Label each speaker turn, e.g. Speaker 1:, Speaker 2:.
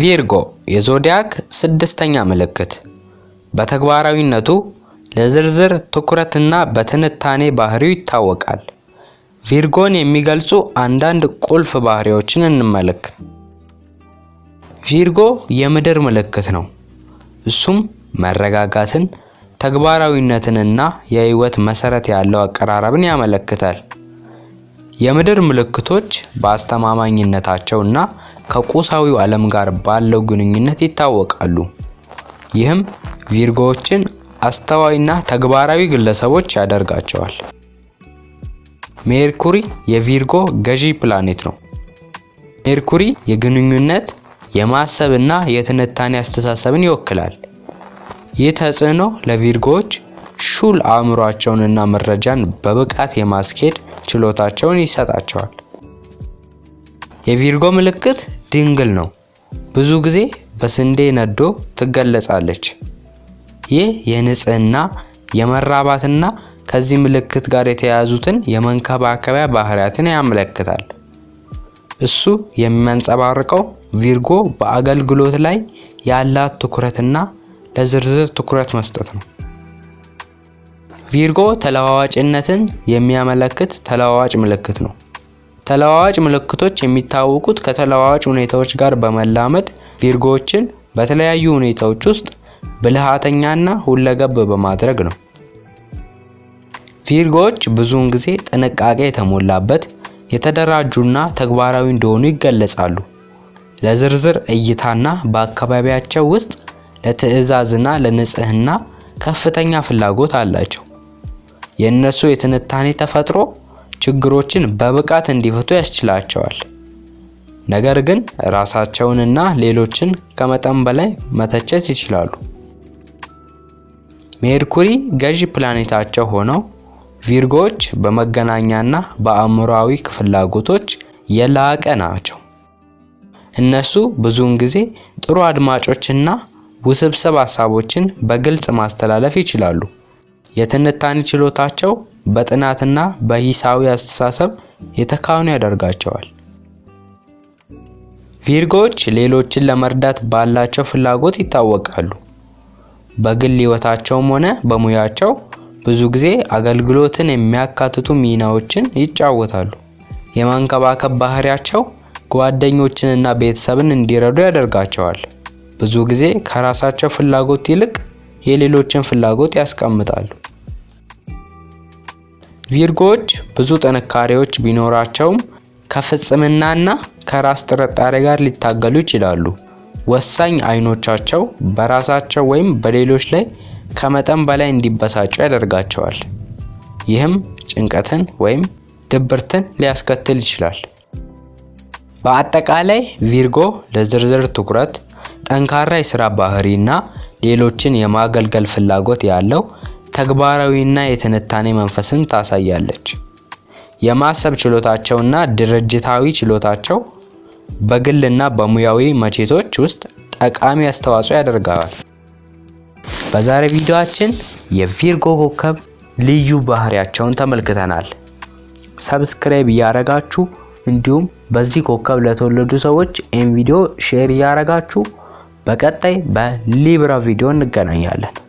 Speaker 1: ቪርጎ የዞዲያክ ስድስተኛ ምልክት በተግባራዊነቱ ለዝርዝር ትኩረትና በትንታኔ ባህሪው ይታወቃል። ቪርጎን የሚገልጹ አንዳንድ ቁልፍ ባህሪዎችን እንመለከት። ቪርጎ የምድር ምልክት ነው። እሱም መረጋጋትን፣ ተግባራዊነትንና የህይወት መሰረት ያለው አቀራረብን ያመለክታል። የምድር ምልክቶች በአስተማማኝነታቸው እና ከቁሳዊው ዓለም ጋር ባለው ግንኙነት ይታወቃሉ። ይህም ቪርጎዎችን አስተዋይና ተግባራዊ ግለሰቦች ያደርጋቸዋል። ሜርኩሪ የቪርጎ ገዢ ፕላኔት ነው። ሜርኩሪ የግንኙነት፣ የማሰብ እና የትንታኔ አስተሳሰብን ይወክላል። ይህ ተጽዕኖ ለቪርጎዎች ሹል አእምሯቸውንና መረጃን በብቃት የማስኬድ ችሎታቸውን ይሰጣቸዋል። የቪርጎ ምልክት ድንግል ነው። ብዙ ጊዜ በስንዴ ነዶ ትገለጻለች። ይህ የንጽህና የመራባትና ከዚህ ምልክት ጋር የተያያዙትን የመንከባከቢያ ባህሪያትን ያመለክታል። እሱ የሚያንጸባርቀው ቪርጎ በአገልግሎት ላይ ያላት ትኩረትና ለዝርዝር ትኩረት መስጠት ነው። ቪርጎ ተለዋዋጭነትን የሚያመለክት ተለዋዋጭ ምልክት ነው። ተለዋዋጭ ምልክቶች የሚታወቁት ከተለዋዋጭ ሁኔታዎች ጋር በመላመድ ቪርጎዎችን በተለያዩ ሁኔታዎች ውስጥ ብልሃተኛና ሁለገብ በማድረግ ነው። ቪርጎዎች ብዙውን ጊዜ ጥንቃቄ የተሞላበት የተደራጁና ተግባራዊ እንደሆኑ ይገለጻሉ። ለዝርዝር እይታና በአካባቢያቸው ውስጥ ለትዕዛዝና ለንጽህና ከፍተኛ ፍላጎት አላቸው። የእነሱ የትንታኔ ተፈጥሮ ችግሮችን በብቃት እንዲፈቱ ያስችላቸዋል። ነገር ግን ራሳቸውንና ሌሎችን ከመጠን በላይ መተቸት ይችላሉ። ሜርኩሪ ገዢ ፕላኔታቸው ሆነው ቪርጎዎች በመገናኛና በአእምሮአዊ ፍላጎቶች የላቀ ናቸው። እነሱ ብዙውን ጊዜ ጥሩ አድማጮችና ውስብስብ ሀሳቦችን በግልጽ ማስተላለፍ ይችላሉ። የትንታኔ ችሎታቸው በጥናትና በሂሳዊ አስተሳሰብ የተካኑ ያደርጋቸዋል። ቪርጎዎች ሌሎችን ለመርዳት ባላቸው ፍላጎት ይታወቃሉ። በግል ሕይወታቸውም ሆነ በሙያቸው ብዙ ጊዜ አገልግሎትን የሚያካትቱ ሚናዎችን ይጫወታሉ። የመንከባከብ ባህሪያቸው ጓደኞችንና ቤተሰብን እንዲረዱ ያደርጋቸዋል። ብዙ ጊዜ ከራሳቸው ፍላጎት ይልቅ የሌሎችን ፍላጎት ያስቀምጣሉ። ቪርጎዎች ብዙ ጥንካሬዎች ቢኖራቸውም ከፍጽምናና ከራስ ጥርጣሬ ጋር ሊታገሉ ይችላሉ። ወሳኝ አይኖቻቸው በራሳቸው ወይም በሌሎች ላይ ከመጠን በላይ እንዲበሳጩ ያደርጋቸዋል። ይህም ጭንቀትን ወይም ድብርትን ሊያስከትል ይችላል። በአጠቃላይ ቪርጎ ለዝርዝር ትኩረት ጠንካራ የስራ ባህሪ እና ሌሎችን የማገልገል ፍላጎት ያለው ተግባራዊና የትንታኔ መንፈስን ታሳያለች። የማሰብ ችሎታቸውና ድርጅታዊ ችሎታቸው በግልና በሙያዊ መቼቶች ውስጥ ጠቃሚ አስተዋጽኦ ያደርገዋል።
Speaker 2: በዛሬ ቪዲዮአችን የቪርጎ ኮከብ ልዩ ባህሪያቸውን ተመልክተናል። ሰብስክራይብ እያረጋችሁ እንዲሁም በዚህ ኮከብ ለተወለዱ ሰዎች ኤም ቪዲዮ ሼር እያረጋችሁ በቀጣይ በሊብራ ቪዲዮ እንገናኛለን።